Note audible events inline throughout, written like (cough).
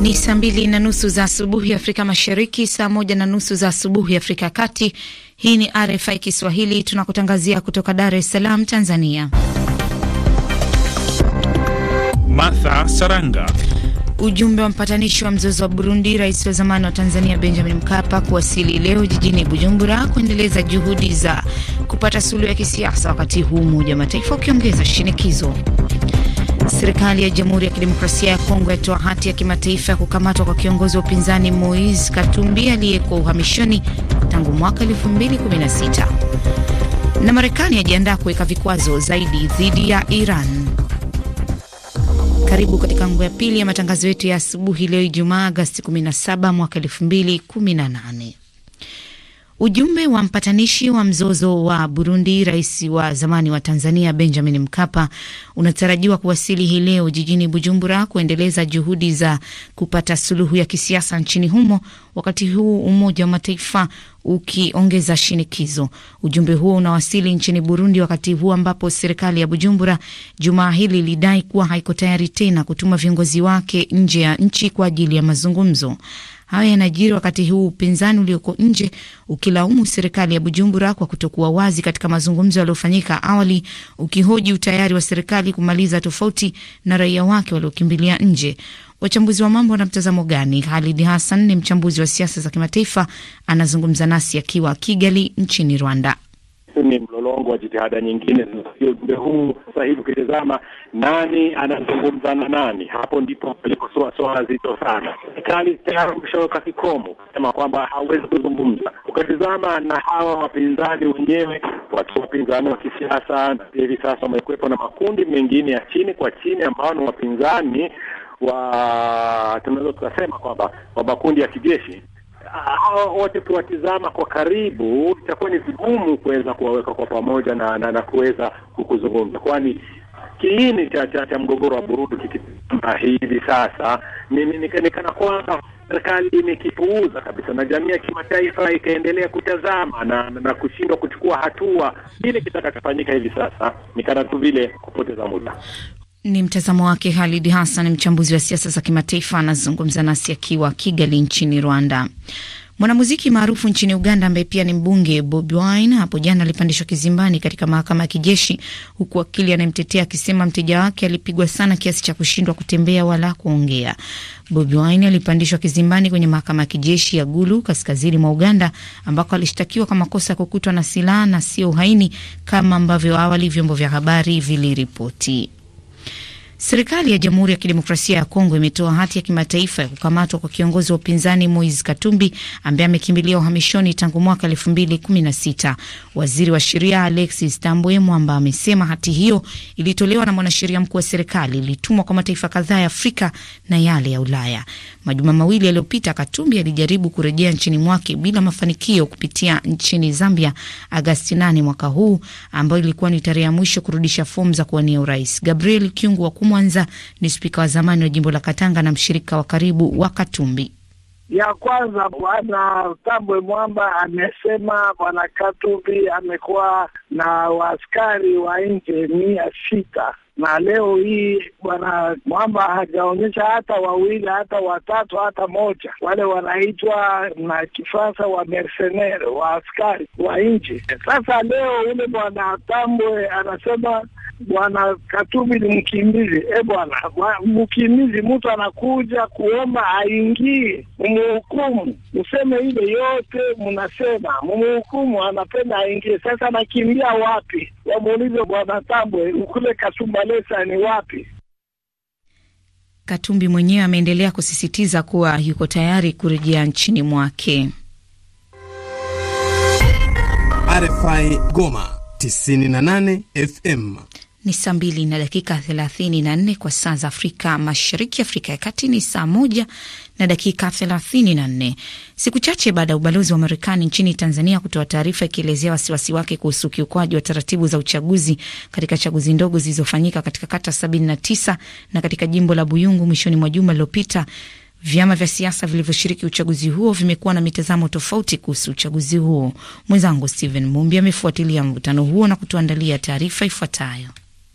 Ni saa mbili na nusu za asubuhi Afrika Mashariki, saa moja na nusu za asubuhi Afrika ya Kati. Hii ni RFI Kiswahili, tunakutangazia kutoka Dar es Salaam, Tanzania. Martha Saranga. Ujumbe wa mpatanishi wa mzozo wa Burundi, rais wa zamani wa Tanzania Benjamin Mkapa kuwasili leo jijini Bujumbura kuendeleza juhudi za kupata suluhu ya kisiasa, wakati huu Umoja wa Mataifa ukiongeza shinikizo. Serikali ya Jamhuri ya Kidemokrasia ya Kongo yatoa hati ya kimataifa ya kukamatwa kwa kiongozi wa upinzani Moise Katumbi aliyekuwa uhamishoni tangu mwaka 2016. Na Marekani yajiandaa kuweka vikwazo zaidi dhidi ya Iran. Karibu katika nguo ya pili ya matangazo yetu ya asubuhi leo Ijumaa Agasti 17 mwaka 2018. Ujumbe wa mpatanishi wa mzozo wa Burundi, rais wa zamani wa Tanzania Benjamin Mkapa unatarajiwa kuwasili hii leo jijini Bujumbura kuendeleza juhudi za kupata suluhu ya kisiasa nchini humo, wakati huu Umoja wa Mataifa ukiongeza shinikizo. Ujumbe huo unawasili nchini Burundi wakati huu ambapo serikali ya Bujumbura jumaa hili ilidai kuwa haiko tayari tena kutuma viongozi wake nje ya nchi kwa ajili ya mazungumzo. Haya yanajiri wakati huu upinzani ulioko nje ukilaumu serikali ya Bujumbura kwa kutokuwa wazi katika mazungumzo yaliyofanyika awali, ukihoji utayari wa serikali kumaliza tofauti na raia wake waliokimbilia nje. Wachambuzi wa mambo na mtazamo gani? Halid Hassan ni mchambuzi wa siasa za kimataifa, anazungumza nasi akiwa Kigali nchini Rwanda ni mlolongo wa jitihada nyingine zinafikia ujumbe huu. Sasa hivi ukitizama nani anazungumza na nani, hapo ndipo paliko swala zito sana. Serikali tayari umeshaweka kikomo kusema kwamba hauwezi kuzungumza. Ukitizama na hawa wapinzani wenyewe, watu wapinzani wa kisiasa, na pia hivi sasa wamekuwepo na makundi mengine ya chini kwa chini ambao ni wapinzani wa tunaweza tukasema kwamba wa makundi ya kijeshi Ah, hawa wote kuwatizama kwa karibu, itakuwa ni vigumu kuweza kuwaweka kwa pamoja na, na, na kuweza kuzungumza, kwani kiini cha cha, cha mgogoro wa Burundi kikitamba hivi sasa ni kana kwamba serikali imekipuuza kabisa na jamii ya kimataifa ikaendelea kutazama na, na kushindwa kuchukua hatua. Kile kitakachofanyika hivi sasa ni kana tu vile kupoteza muda. Ni mtazamo wake Halid Hassan, mchambuzi wa siasa za kimataifa, anazungumza nasi akiwa Kigali nchini Rwanda. Mwanamuziki maarufu nchini Uganda ambaye pia ni mbunge Bobi Wine hapo jana alipandishwa kizimbani katika mahakama ya kijeshi, huku wakili anayemtetea akisema mteja wake alipigwa sana kiasi cha kushindwa kutembea wala kuongea. Bobi Wine alipandishwa kizimbani kwenye mahakama ya kijeshi ya Gulu kaskazini mwa Uganda, ambako alishtakiwa kwa makosa ya kukutwa na silaha na sio uhaini kama ambavyo awali vyombo vya habari viliripoti. Serikali ya Jamhuri ya Kidemokrasia ya Kongo imetoa hati ya kimataifa ya kukamatwa kwa kiongozi wa upinzani Moise Katumbi ambaye amekimbilia uhamishoni tangu mwaka elfu mbili kumi na sita. Waziri wa Sheria Alexis Tambwe Mwamba amesema hati hiyo ilitolewa na mwanasheria mkuu wa serikali, ilitumwa kwa mataifa kadhaa ya Afrika na yale ya Ulaya. Majuma mawili yaliyopita, Katumbi alijaribu kurejea nchini mwake bila mafanikio kupitia nchini Zambia Agasti 8 mwaka huu, ambayo ilikuwa ni tarehe ya mwisho kurudisha fomu za kuwania urais. Gabriel Kyungu wa Mwanza ni spika wa zamani wa jimbo la Katanga na mshirika wa karibu wa Katumbi. Ya kwanza, bwana Tambwe Mwamba amesema bwana Katumbi amekuwa na waskari wa nje mia sita na leo hii bwana Mwamba hajaonyesha hata wawili hata watatu hata moja. Wale wanaitwa na kifasa wa mercenaire wa askari wa nchi. Sasa leo ule bwana Tambwe anasema Bwana Katumbi ni mkimbizi. E bwana, mkimbizi, mtu anakuja kuomba aingie, mumuhukumu, useme ile yote mnasema, mumuhukumu, anapenda aingie. Sasa anakimbia wapi? Wamuulize bwana Tambwe ukule Kasumbalesa ni wapi? Katumbi mwenyewe ameendelea kusisitiza kuwa yuko tayari kurejea nchini mwake. RFI Goma 98 FM. Ni saa mbili na dakika thelathini na nne kwa saa za Afrika Mashariki. Afrika ya Kati ni saa moja na dakika thelathini na nne. Siku chache baada ya ubalozi wa Marekani nchini Tanzania kutoa taarifa ikielezea wasiwasi wake kuhusu ukiukwaji wa taratibu za uchaguzi katika chaguzi ndogo zilizofanyika katika kata 79 na katika jimbo la Buyungu mwishoni mwa juma lililopita, vyama vya siasa vilivyoshiriki uchaguzi huo vimekuwa na mitazamo tofauti kuhusu uchaguzi huo. Mwenzangu Stephen Mumbi amefuatilia mvutano huo na kutuandalia taarifa ifuatayo.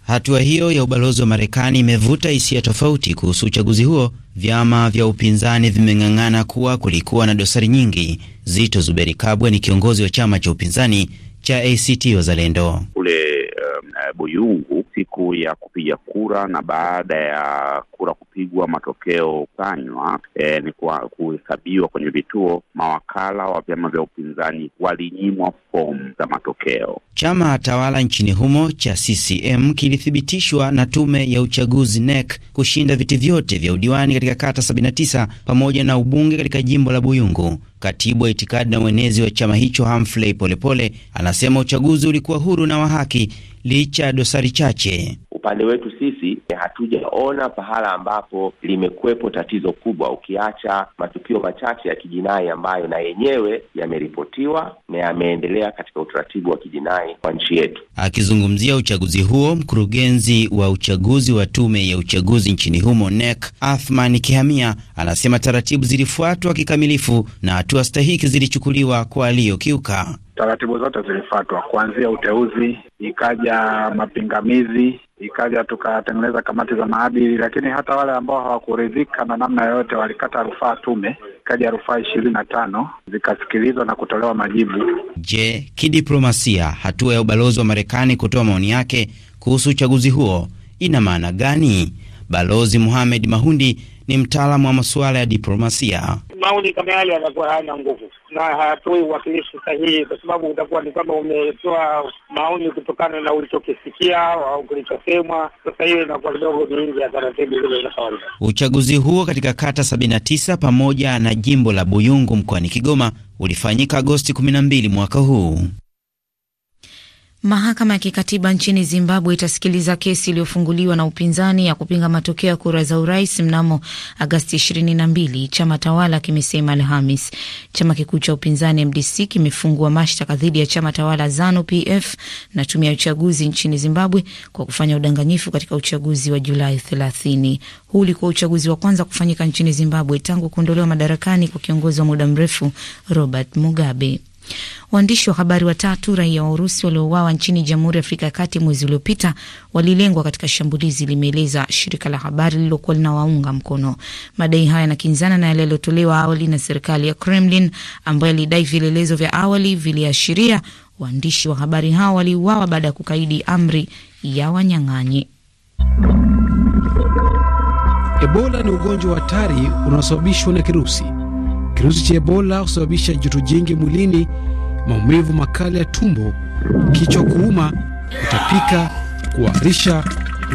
Hatua hiyo ya ubalozi wa Marekani imevuta hisia tofauti kuhusu uchaguzi huo. Vyama vya upinzani vimeng'ang'ana kuwa kulikuwa na dosari nyingi. Zito Zuberi Kabwe ni kiongozi wa chama cha upinzani cha ACT Wazalendo kule um, Buyungu siku ya kupiga kura, na baada ya kura kupigwa, matokeo kanywa e, ni kuhesabiwa kwenye vituo, mawakala wa vyama vya upinzani walinyimwa fomu za matokeo. Chama tawala nchini humo cha CCM kilithibitishwa na tume ya uchaguzi nek kushinda viti vyote vya udiwani katika kata 79 pamoja na ubunge katika jimbo la Buyungu. Katibu wa itikadi na mwenezi wa chama hicho Humphrey Polepole anasema uchaguzi ulikuwa huru na wa haki licha ya dosari chache upande wetu sisi hatujaona pahala ambapo limekwepo tatizo kubwa, ukiacha matukio machache ya kijinai ambayo na yenyewe yameripotiwa na yameendelea katika utaratibu wa kijinai kwa nchi yetu. Akizungumzia uchaguzi huo, mkurugenzi wa uchaguzi wa tume ya uchaguzi nchini humo NEC Athman Kihamia anasema taratibu zilifuatwa kikamilifu na hatua stahiki zilichukuliwa kwa aliyokiuka taratibu zote zilifuatwa, kuanzia uteuzi, ikaja mapingamizi, ikaja tukatengeneza kamati za maadili, lakini hata wale ambao hawakuridhika na namna yoyote walikata rufaa tume, ikaja rufaa ishirini na tano zikasikilizwa na kutolewa majibu. Je, kidiplomasia, hatua ya ubalozi wa Marekani kutoa maoni yake kuhusu uchaguzi huo ina maana gani? Balozi muhamed Mahundi ni mtaalamu wa masuala ya diplomasia. Maoni kama yale yanakuwa hayana nguvu na hayatoi uwakilishi sahihi, kwa sababu utakuwa ni kwamba umetoa maoni kutokana na ulichokisikia au kilichosemwa. Sasa hiyo inakuwa kidogo ni nje ya taratibu zile za kawaida. Uchaguzi huo katika kata sabini na tisa pamoja na jimbo la Buyungu mkoani Kigoma ulifanyika Agosti kumi na mbili mwaka huu. Mahakama ya kikatiba nchini Zimbabwe itasikiliza kesi iliyofunguliwa na upinzani ya kupinga matokeo ya kura za urais mnamo Agasti 22, chama tawala kimesema Alhamis. Chama kikuu cha upinzani MDC kimefungua mashtaka dhidi ya chama tawala ZANU PF na tume ya uchaguzi nchini Zimbabwe kwa kufanya udanganyifu katika uchaguzi wa Julai 30. Huu ulikuwa uchaguzi wa kwanza kufanyika nchini Zimbabwe tangu kuondolewa madarakani kwa kiongozi wa muda mrefu Robert Mugabe. Waandishi wa habari watatu raia wa Urusi waliouawa nchini Jamhuri ya Afrika ya Kati mwezi uliopita walilengwa katika shambulizi, limeeleza shirika la habari lililokuwa linawaunga mkono. Madai haya yanakinzana na yale yaliyotolewa awali na serikali ya Kremlin ambayo ilidai vielelezo vya awali viliashiria waandishi wa habari hao waliuawa baada ya kukaidi amri ya wanyang'anyi. Ebola ni ugonjwa wa hatari unaosababishwa na kirusi Kirusi cha Ebola husababisha joto jingi mwilini, maumivu makali ya tumbo, kichwa kuuma, kutapika, kuharisha,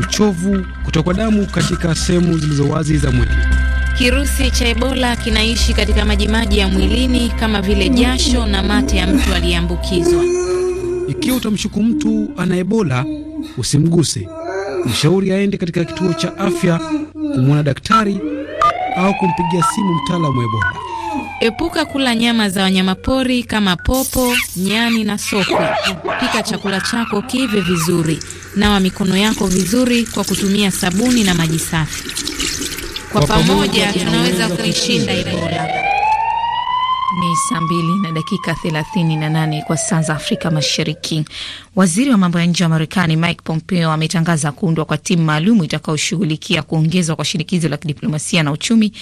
uchovu, kutokwa damu katika sehemu zilizo wazi za mwili. Kirusi cha Ebola kinaishi katika majimaji ya mwilini kama vile jasho na mate ya mtu aliyeambukizwa. Ikiwa utamshuku mtu ana Ebola, usimguse. Mshauri aende katika kituo cha afya kumwona daktari au kumpigia simu mtaalamu wa Ebola. Epuka kula nyama za wanyamapori kama popo, nyani na sokwe. Pika chakula chako kive vizuri. Nawa mikono yako vizuri kwa kutumia sabuni na maji safi. Kwa pamoja tunaweza kuishinda Ebola. Ni saa mbili na dakika 38 kwa saa za Afrika Mashariki. Waziri wa mambo ya nje wa Marekani Mike Pompeo ametangaza kuundwa kwa timu maalum itakayoshughulikia kuongezwa kwa shinikizo la kidiplomasia na uchumi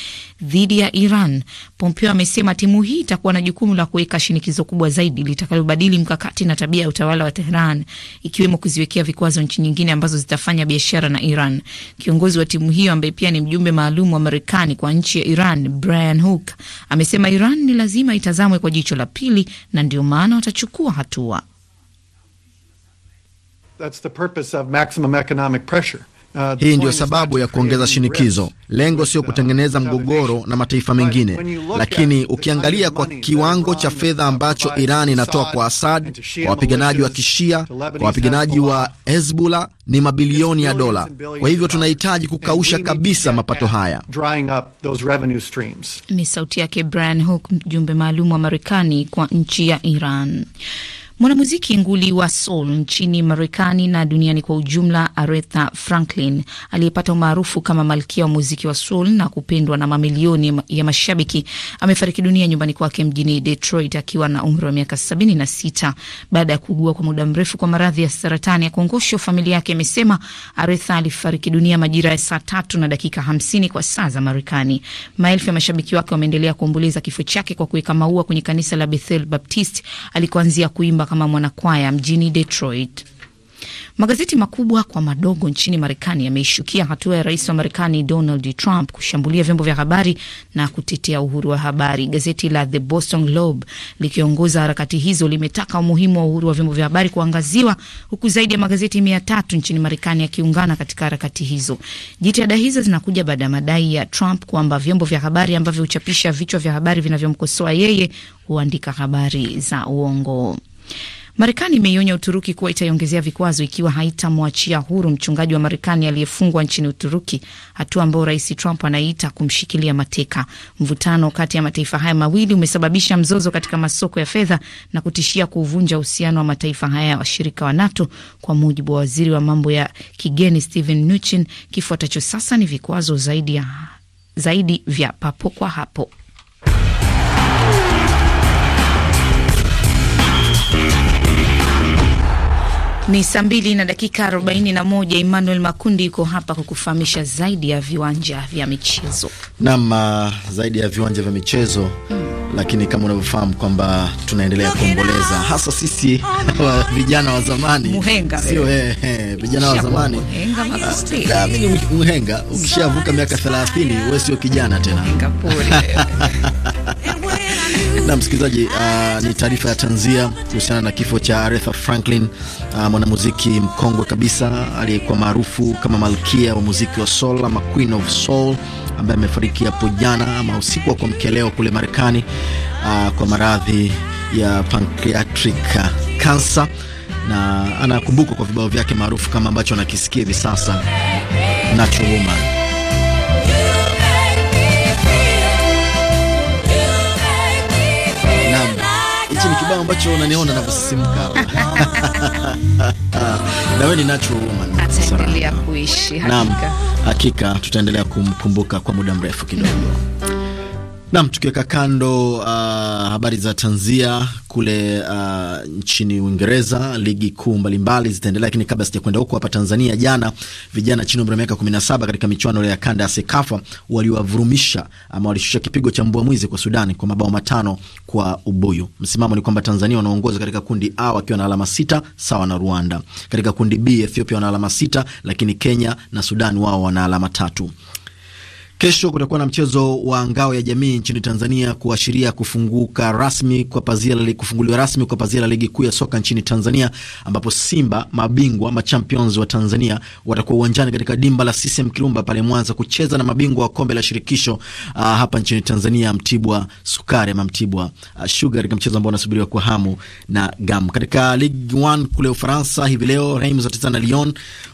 dhidi ya Iran. Pompeo amesema timu hii itakuwa na jukumu la kuweka shinikizo kubwa zaidi litakalobadili mkakati na tabia ya utawala wa Tehran, ikiwemo kuziwekea vikwazo nchi nyingine ambazo zitafanya biashara na Iran. Kiongozi wa timu hiyo ambaye pia ni mjumbe maalum wa Marekani kwa nchi ya Iran Brian Hook amesema Iran ni lazima lazima itazamwe kwa jicho la pili, na ndio maana watachukua hatua. That's the purpose of maximum economic pressure. Uh, Hii ndiyo sababu ya kuongeza shinikizo. Lengo sio kutengeneza mgogoro na mataifa mengine, lakini ukiangalia kwa kiwango cha fedha ambacho Iran inatoa kwa Asad, kwa wapiganaji wa Kishia, kwa wapiganaji wa Hezbollah ni mabilioni ya dola. Kwa hivyo tunahitaji kukausha kabisa mapato haya. Ni sauti yake Brian Hook, mjumbe maalum wa Marekani kwa nchi ya Iran. Mwanamuziki nguli wa soul nchini Marekani na duniani kwa ujumla, Aretha Franklin aliyepata umaarufu kama malkia wa muziki wa soul na kupendwa na mamilioni ya mashabiki amefariki dunia nyumbani kwake mjini Detroit akiwa na umri wa miaka 76 baada ya kuugua kwa muda mrefu kwa maradhi ya saratani ya kongosho. Familia yake imesema Aretha alifariki dunia majira ya saa tatu na dakika 50 kwa saa za Marekani. Maelfu ya mashabiki wake wameendelea kuomboleza kifo chake kwa kuweka maua kwenye kanisa la Bethel Baptist alikoanzia kuimba kama mwanakwaya mjini Detroit. Magazeti makubwa kwa madogo nchini Marekani yameishukia hatua ya rais wa Marekani Donald Trump kushambulia vyombo vya habari na kutetea uhuru wa habari. Gazeti la The Boston Globe likiongoza harakati hizo limetaka umuhimu wa uhuru wa vyombo vya habari kuangaziwa, huku zaidi ya magazeti mia tatu nchini Marekani yakiungana katika harakati hizo. Jitihada hizo zinakuja baada ya madai ya Trump kwamba vyombo vya habari ambavyo huchapisha vichwa vya habari vinavyomkosoa yeye huandika habari za uongo. Marekani imeionya Uturuki kuwa itaiongezea vikwazo ikiwa haitamwachia huru mchungaji wa Marekani aliyefungwa nchini Uturuki, hatua ambayo Rais Trump anaita kumshikilia mateka. Mvutano kati ya mataifa haya mawili umesababisha mzozo katika masoko ya fedha na kutishia kuuvunja uhusiano wa mataifa haya ya washirika wa NATO, kwa mujibu wa waziri wa mambo ya kigeni Steven Mnuchin. Kifuatacho sasa ni vikwazo zaidi, ya, zaidi vya papo kwa hapo. Ni saa mbili na dakika arobaini na moja. Emmanuel Makundi yuko hapa kukufahamisha zaidi ya viwanja vya michezo nam uh, zaidi ya viwanja vya michezo hmm. Lakini kama unavyofahamu kwamba tunaendelea kuomboleza hasa sisi ah, (laughs) vijana wa zamani, sio eh, eh, vijana wa zamani. Mhenga ah, ukishavuka miaka 30 wewe sio kijana tena. (laughs) Na msikilizaji, uh, ni taarifa ya tanzia kuhusiana na kifo cha Aretha Franklin, uh, mwanamuziki mkongwe kabisa aliyekuwa maarufu kama malkia wa muziki wa soul ama Queen of Soul ambaye amefariki hapo jana ama usiku wa kuamkia leo kule Marekani, uh, kwa maradhi ya pancreatic cancer, na anakumbukwa kwa vibao vyake maarufu kama ambacho anakisikia hivi sasa Natural Woman. kibao ambacho unaniona navyosisimka (laughs) na wewe ni natural woman, ataendelea kuishi hakika. Naam, hakika tutaendelea kumkumbuka kwa muda mrefu kidogo. Nam, tukiweka kando uh, habari za tanzia kule uh, nchini Uingereza, ligi kuu mbalimbali zitaendelea, lakini kabla sija kwenda huko, hapa Tanzania jana vijana chini umri wa miaka 17 katika michuano ya kanda ya Sekafa waliwavurumisha ama walishusha kipigo cha mbwa mwizi kwa Sudan kwa mabao matano kwa ubuyu. Msimamo ni kwamba Tanzania wanaongoza katika kundi A wakiwa na alama sita sawa na Rwanda. Katika kundi B Ethiopia wana alama sita, lakini Kenya na Sudan wao wana alama tatu. Kesho kutakuwa na mchezo wa ngao ya jamii nchini Tanzania kuashiria kufunguka rasmi kwa pazia la ligi, kufunguliwa rasmi kwa pazia la ligi kuu ya soka nchini Tanzania, ambapo Simba mabingwa ama champions wa Tanzania watakuwa uwanjani katika dimba la CCM Kirumba pale Mwanza kucheza na mabingwa wa kombe la shirikisho uh, hapa nchini Tanzania, Mtibwa Sukari ama Mtibwa uh, Sugar, katika mchezo ambao unasubiriwa kwa hamu na gam. Katika Ligue 1 kule Ufaransa hivi leo Reims watacheza na Lyon,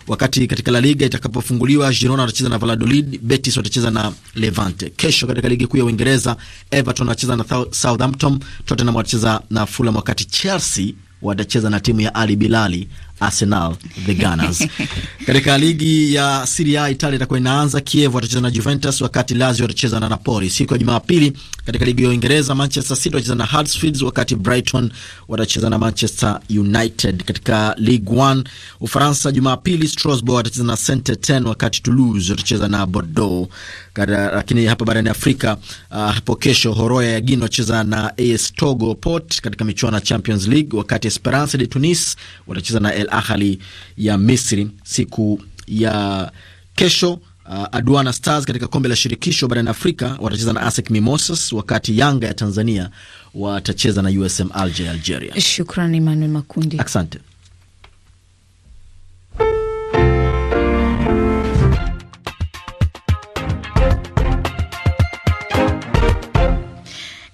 wakati katika La Liga itakapofunguliwa Girona watacheza na Valladolid, Betis watacheza na Levante. Kesho katika ligi kuu ya Uingereza, Everton wacheza na Southampton, Tottenham watacheza na Fulham, wakati Chelsea watacheza na timu ya Ali Bilali Arsenal the Gunners. (laughs) Katika ligi ya Serie A Italia itakuwa inaanza, Kiev watacheza na Juventus, wakati Lazio watacheza na Napoli. Siku ya Jumapili katika ligi ya Uingereza, Manchester City watacheza na Huddersfield, wakati Brighton watacheza na Manchester United. Katika Ligue 1 Ufaransa, Jumapili Strasbourg watacheza na Saint-Etienne, wakati Toulouse watacheza na Bordeaux. Lakini hapa barani Afrika, uh, hapo kesho Horoya ya Guinea watacheza na AS Togo Port katika michuano ya Champions League, wakati Esperance de Tunis watacheza na Al Ahli ya Misri siku ya kesho. Uh, Aduana Stars katika kombe la shirikisho barani Afrika watacheza na ASEC Mimosas, wakati Yanga ya Tanzania watacheza na USM Alger Algeria. Shukrani Emmanuel Makundi, asante.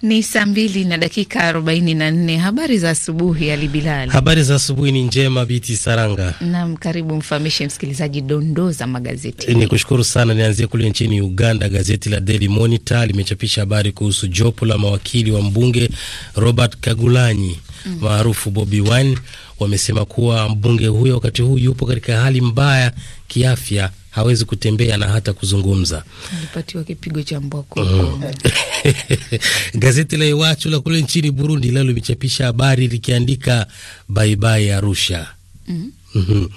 Ni saa mbili na dakika arobaini na nne. Habari za asubuhi Ali Bilali. Habari za asubuhi ni njema Biti Saranga. Naam, karibu mfahamishe msikilizaji dondoo za magazeti. Eh, ni kushukuru sana. Nianzie kule nchini Uganda, gazeti la Daily Monitor limechapisha habari kuhusu jopo la mawakili wa mbunge Robert Kagulanyi mm. maarufu mm. Bobi Wine. Wamesema kuwa mbunge huyo wakati huu yupo katika hali mbaya kiafya hawezi kutembea na hata kuzungumza. Alipatiwa kipigo cha mbwako. Mm. (laughs) Gazeti la Iwachu la kule nchini Burundi lalo limechapisha habari likiandika baibai Arusha. Mm. Mm -hmm.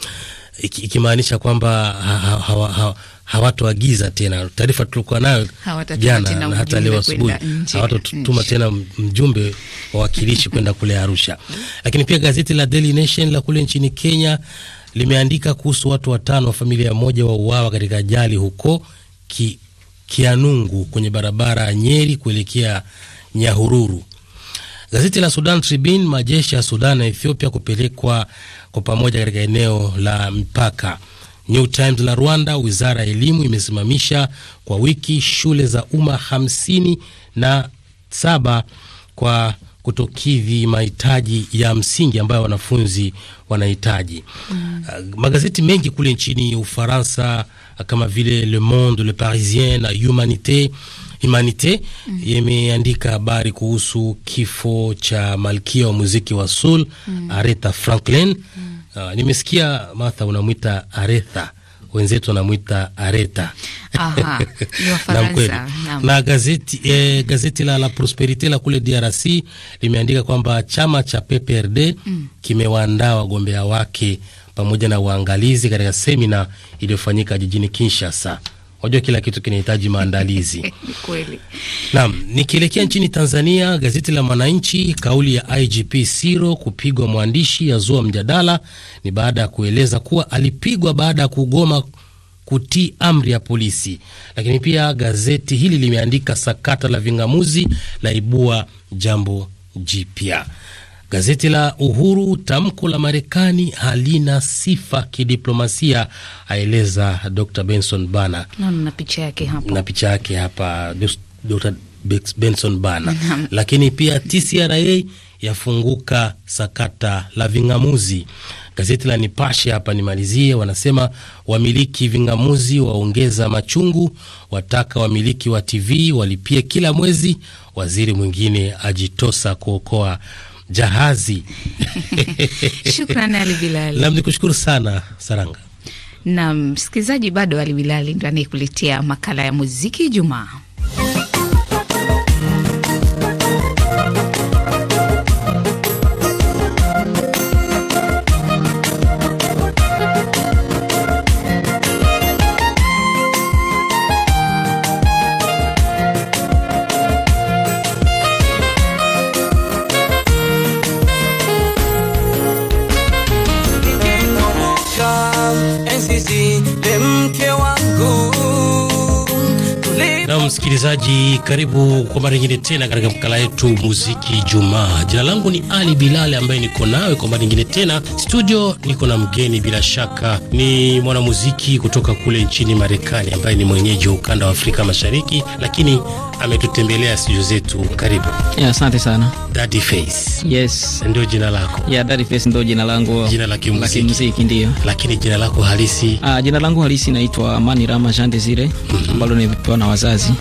Ikimaanisha kwamba hawatoagiza tena taarifa tulikuwa nayo jana na hata leo asubuhi, hawatotuma mm. tena mjumbe wa wakilishi kwenda kule Arusha. Mm. Lakini pia gazeti la Daily Nation la kule nchini Kenya limeandika kuhusu watu watano wa familia moja wa uawa katika ajali huko ki, Kianungu kwenye barabara ya Nyeri kuelekea Nyahururu. Gazeti la Sudan Tribune, majeshi ya Sudan na Ethiopia kupelekwa kwa pamoja katika eneo la mpaka. New Times la Rwanda, wizara ya elimu imesimamisha kwa wiki shule za umma hamsini na saba kwa kutokidhi mahitaji ya msingi ambayo wanafunzi wanahitaji. Mm. Uh, magazeti mengi kule nchini Ufaransa uh, kama vile Le Monde, Le Parisien na Humanite Humanite mm. yameandika habari kuhusu kifo cha malkia wa muziki wa soul mm. Aretha Franklin mm. Uh, nimesikia Martha unamwita Aretha wenzetu wanamwita areta. Aha, (laughs) na, na gazeti, eh, gazeti la La Prosperite la kule DRC limeandika kwamba chama cha PPRD mm, kimewaandaa wagombea wake pamoja na waangalizi katika semina iliyofanyika jijini Kinshasa. Wajua kila kitu kinahitaji maandalizi (laughs) kweli. Naam, nikielekea nchini Tanzania, gazeti la Mwananchi, kauli ya IGP Siro kupigwa mwandishi yazua mjadala, ni baada ya kueleza kuwa alipigwa baada ya kugoma kutii amri ya polisi. Lakini pia gazeti hili limeandika sakata la vingamuzi la ibua jambo jipya. Gazeti la Uhuru, tamko la Marekani halina sifa kidiplomasia, aeleza Dr Benson Bana na picha yake hapa, Dr Benson Bana. Lakini pia TCRA yafunguka sakata la ving'amuzi. Gazeti la Nipashe hapa nimalizie, wanasema wamiliki ving'amuzi waongeza machungu, wataka wamiliki wa TV walipie kila mwezi, waziri mwingine ajitosa kuokoa jahazi. (laughs) Shukrani Ali Bilali. Nam, nikushukuru sana Saranga. Na msikilizaji, bado Ali Bilali ndo anayekuletea makala ya muziki Ijumaa. msikilizaji, karibu kwa mara nyingine tena katika makala yetu muziki Jumaa. Jina langu ni Ali Bilali ambaye niko nawe kwa mara nyingine tena studio. Niko na mgeni, bila shaka ni mwanamuziki kutoka kule nchini Marekani ambaye ni mwenyeji wa ukanda wa Afrika Mashariki, lakini ametutembelea studio zetu. Karibu. Asante yeah, sana. Daddy Face. Yes, ndio jina lako? Yeah, Daddy Face ndio jina langu, jina la kimuziki ndio. Lakini jina lako halisi? Ah, jina langu halisi naitwa Amani Rama Jean Desire mhm. ambalo mm na wazazi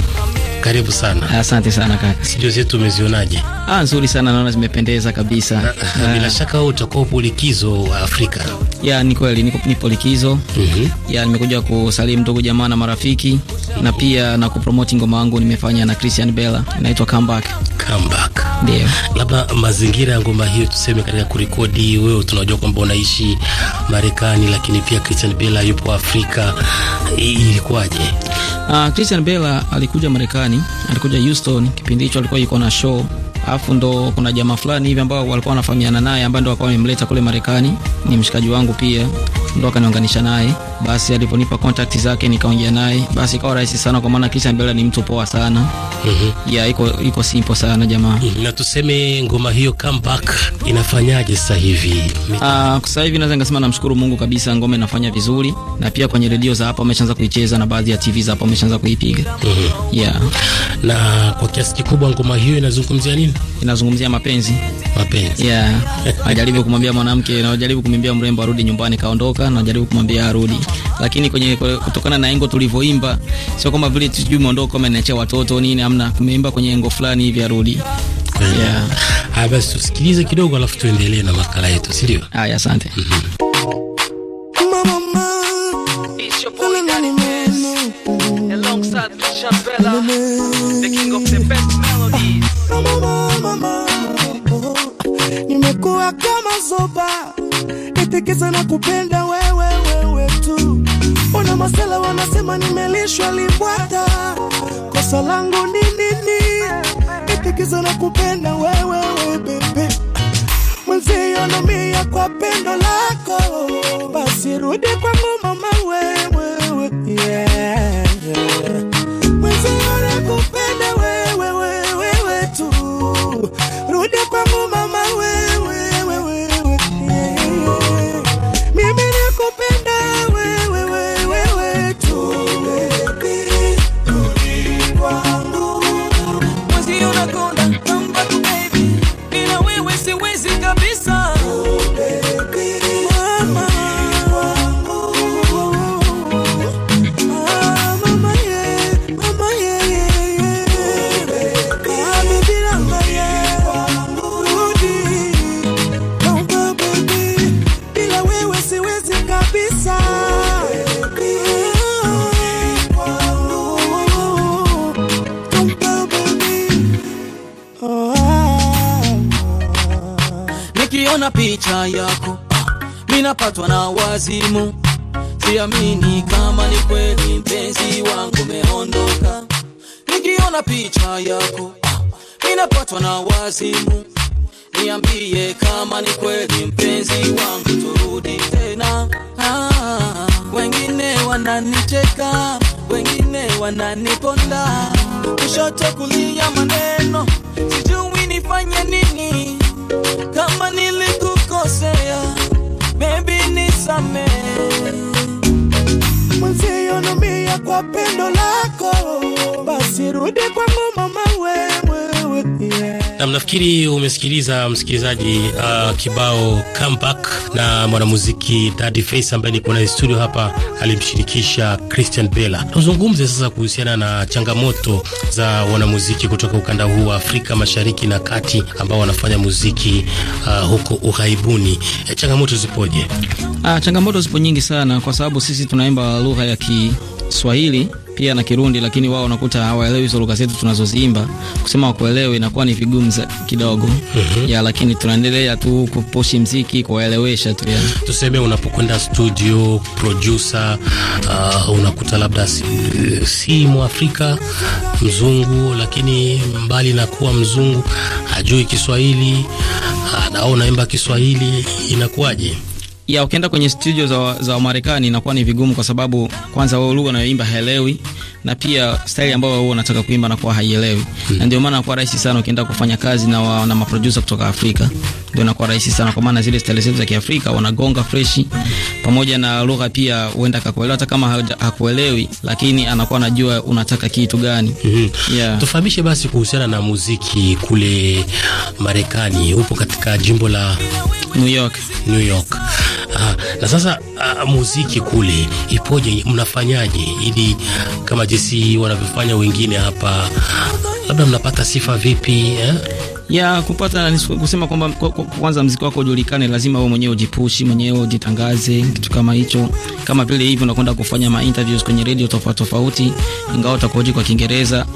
karibu sana. Asante sana kaka. Studio zetu umezionaje? Ah, nzuri sana naona zimependeza kabisa. Na, na ah. bila shaka wewe utakuwa upo likizo wa Afrika. Ya ni kweli niko nipo likizo. Mm -hmm. Ya nimekuja kusalimu ndugu jamaa na marafiki na mhm. pia na kupromote ngoma yangu nimefanya na Christian Bella inaitwa Comeback. Comeback. Ndio. Labda mazingira ya ngoma hiyo tuseme katika kurekodi, wewe tunajua kwamba unaishi Marekani, lakini pia Christian Bella yupo Afrika, ilikuwaje? Uh, Christian Bella alikuja Marekani, alikuja Houston, kipindi hicho alikuwa yuko na show Alafu ndo kuna jamaa fulani hivi ambao walikuwa wanafahamiana naye ambaye ndo akawa amemleta kule Marekani, ni mshikaji wangu pia, ndo akaniunganisha naye. Basi aliponipa contact zake nikaongea naye, basi ikawa rahisi sana, kwa maana Christian Bella ni mtu poa sana. -hmm. ya iko iko simple sana jamaa. mm -hmm. Na tuseme ngoma hiyo comeback inafanyaje sasa hivi? Ah, sasa hivi naweza ngasema namshukuru Mungu kabisa, ngoma inafanya vizuri, na pia kwenye redio za hapa wameshaanza kuicheza na baadhi ya TV za hapa wameshaanza kuipiga. mm -hmm. yeah. Na kwa kiasi kikubwa ngoma hiyo inazungumzia nini? Inazungumzia mapenzi mapenzi. Yeah. Anajaribu (laughs) kumwambia mwanamke na anajaribu kumwambia mrembo arudi nyumbani kaondoka, na najaribu kumwambia arudi lakini kwenye kutokana na engo tulivyoimba, sio kama vile tujui mwondoko kama inaachia watoto nini, amna, tumeimba kwenye engo fulani hivi arudi. Yeah. Haya ah, basi tusikilize kidogo alafu tuendelee na makala yetu, si ndio? Haya, asante. Nimekuwa kama zoba, nitikisa na kupenda wewe wewe tu Mbona masela wanasema nimelishwa libwata? Kosa langu ni nini? Itikizo na kupenda wewe we, bebe mwenzio namia kwa pendo lako, basi rudi kwangu mama wewe we, yeah. kabisa picha yako, minapatwa na wazimu, siamini kama ni kweli, mpenzi wangu meondoka. Nikiona picha yako, minapatwa na wazimu, niambie kama ni kweli, mpenzi wangu, turudi tena. Ah, wengine wananicheka, wengine wananiponda, kushoto kulia, maneno sijui nifanye nini kwa pendo lako, basi rudi kwangu mama wewe. Nafikiri umesikiliza msikilizaji, uh, kibao comeback na mwanamuziki Daddy Face ambaye niko naye studio hapa, alimshirikisha Christian Bella. Tuzungumze sasa kuhusiana na changamoto za wanamuziki kutoka ukanda huu wa Afrika Mashariki na Kati ambao wanafanya muziki uh, huko ughaibuni. E, changamoto zipoje? Ah, changamoto zipo nyingi sana, kwa sababu sisi tunaimba lugha ya Kiswahili pia na Kirundi, lakini wao wanakuta hawaelewi hizo lugha zetu tunazoziimba. Kusema wakuelewe inakuwa ni vigumu kidogo mm -hmm. ya lakini tunaendelea tu kuposhi mziki kuwaelewesha tu ya. Tuseme unapokwenda studio producer, uh, unakuta labda si, si Mwafrika mzungu, lakini mbali na kuwa mzungu hajui Kiswahili na imba Kiswahili inakuwaje? ya ukienda kwenye studio za, za Marekani inakuwa ni vigumu, kwa sababu kwanza wewe lugha unayoimba haelewi na pia staili ambayo wewe unataka kuimba na kwa haielewi hmm. Na ndio maana inakuwa rahisi sana ukienda kufanya kazi na wa, na maproducer kutoka Afrika, ndio inakuwa rahisi sana, kwa maana zile staili zetu za Kiafrika wanagonga fresh, pamoja na lugha pia huenda akakuelewa, hata kama hakuelewi, lakini anakuwa anajua unataka kitu gani. hmm. yeah. Tufahamishe basi kuhusiana na muziki kule Marekani, upo katika jimbo la New York. New York. Ha, na sasa ha, muziki kule ipoje? Mnafanyaje ili kama jinsi wanavyofanya wengine hapa, labda mnapata sifa vipi eh? ya kupata kusema kwamba kwanza mziki wako ujulikane, lazima wewe mwenyewe ujipushi mwenyewe ujitangaze, kitu kama hicho. Kama vile hivi unakwenda kufanya ma interviews kwenye radio tofauti tofauti, ingawa utakoji kwa Kiingereza,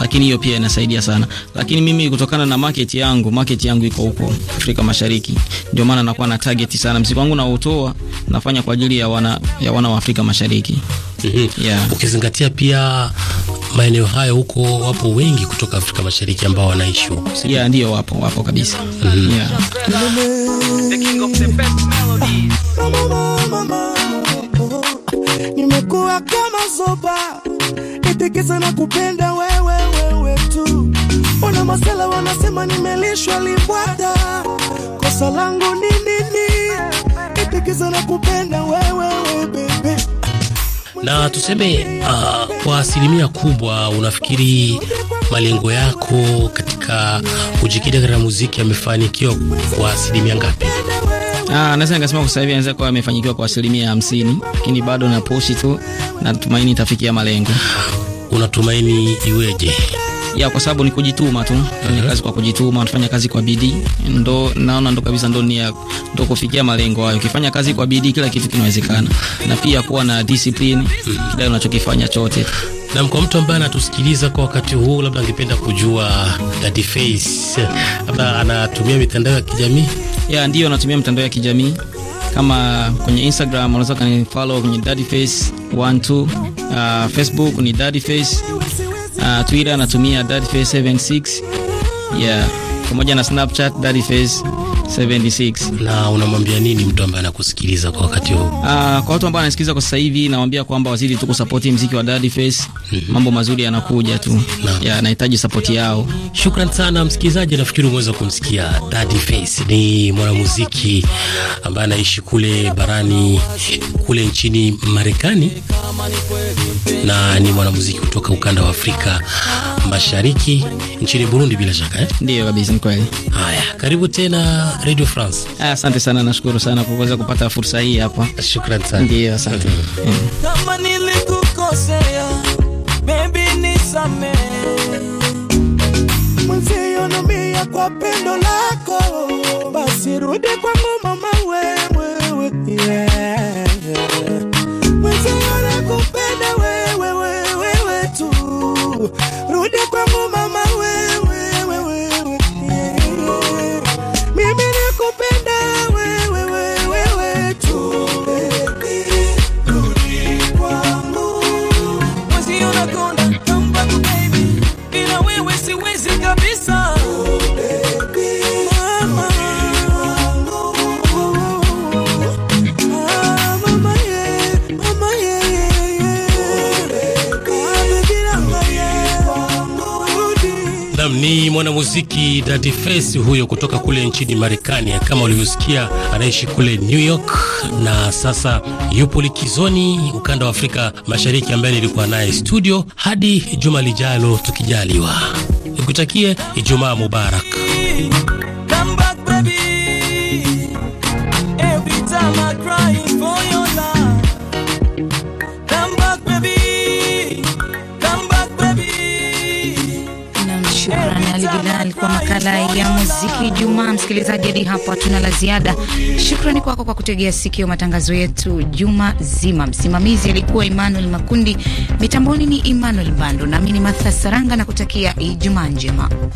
lakini hiyo pia inasaidia sana. Lakini mimi kutokana na market yangu, market yangu iko huko Afrika Mashariki, ndio maana nakuwa na target sana mziki wangu na utoa nafanya kwa ajili ya wana ya wana wa Afrika Mashariki mm -hmm. yeah. Ukizingatia pia maeneo hayo huko wapo wengi kutoka Afrika Mashariki ambao wanaishi huko. Yeah, ndio wapo, wapo kabisa. mm -hmm. yeah. Nimekuwa kama zoba na kupenda wewe wewe tu. Ona masela wanasema nimelishwa libwada, kosa langu ni nini? na kupenda wewe wewe na tuseme uh, kwa asilimia kubwa unafikiri malengo yako katika kujikita katika muziki yamefanikiwa kwa asilimia ngapi? Ah, naweza nikasema kwa sasa hivi anaweza kuwa amefanikiwa kwa asilimia hamsini, lakini bado na pushi tu, natumaini itafikia malengo. Unatumaini iweje? ya kwa sababu ni kujituma tu, fanya uh -huh. kazi kwa kujituma, tufanya kazi kwa bidii, ndo naona ndo kabisa ndo nia ndo kufikia malengo hayo. Ukifanya kazi kwa bidii, kila kitu kinawezekana, na pia kuwa na discipline hmm. kile unachokifanya chote. Na kwa mtu ambaye anatusikiliza kwa wakati huu, labda angependa kujua Daddy Face, labda anatumia mitandao ya kijamii ya, ndio anatumia mitandao ya kijamii kama kwenye Instagram unaweza kanifollow kwenye Daddy Face 12, uh, ah, Facebook ni Daddy Face Twitter anatumia dadface76 yeah, pamoja na Snapchat dadface 76. Na unamwambia nini mtu ambaye anakusikiliza kwa wakati huu? Ah, kwa watu ambao wanasikiliza kwa sasa hivi nawaambia kwamba wazidi tu kusupport muziki wa Daddy Face. Mm -hmm. Mambo mazuri yanakuja tu. Na. Ya, nahitaji support yao. Shukrani sana msikilizaji, nafikiri umeweza kumsikia Daddy Face. Ni mwanamuziki ambaye anaishi kule barani kule nchini Marekani na ni mwanamuziki kutoka ukanda wa Afrika Mashariki nchini Burundi bila shaka eh? Ndio kabisa, ni kweli. Haya, karibu tena Radio France. Ah, Asante sana, nashukuru sana kwa kuweza kupata fursa hii hapa. Shukrani sana. Ndio, asante. Kama nilikukosea, baby nisamehe. Mwenzio naumia kwa pendo lako, basi rudi kwangu mama wewe. Mwenzio nakupenda wewe wewe tu, rudi kwangu mama muziki Daddy Face huyo kutoka kule nchini Marekani, kama ulivyosikia, anaishi kule New York na sasa yupo likizoni ukanda wa Afrika Mashariki, ambaye nilikuwa naye studio hadi juma lijalo tukijaliwa. Nikutakie Ijumaa mubarak. makala ya muziki Jumaa. Msikilizaji, hadi hapo hatuna la ziada. Shukrani kwako kwa kutegea sikio matangazo yetu juma zima. Msimamizi alikuwa Emmanuel Makundi, mitamboni ni Emmanuel Bando, nami ni Martha Saranga na kutakia Ijumaa njema.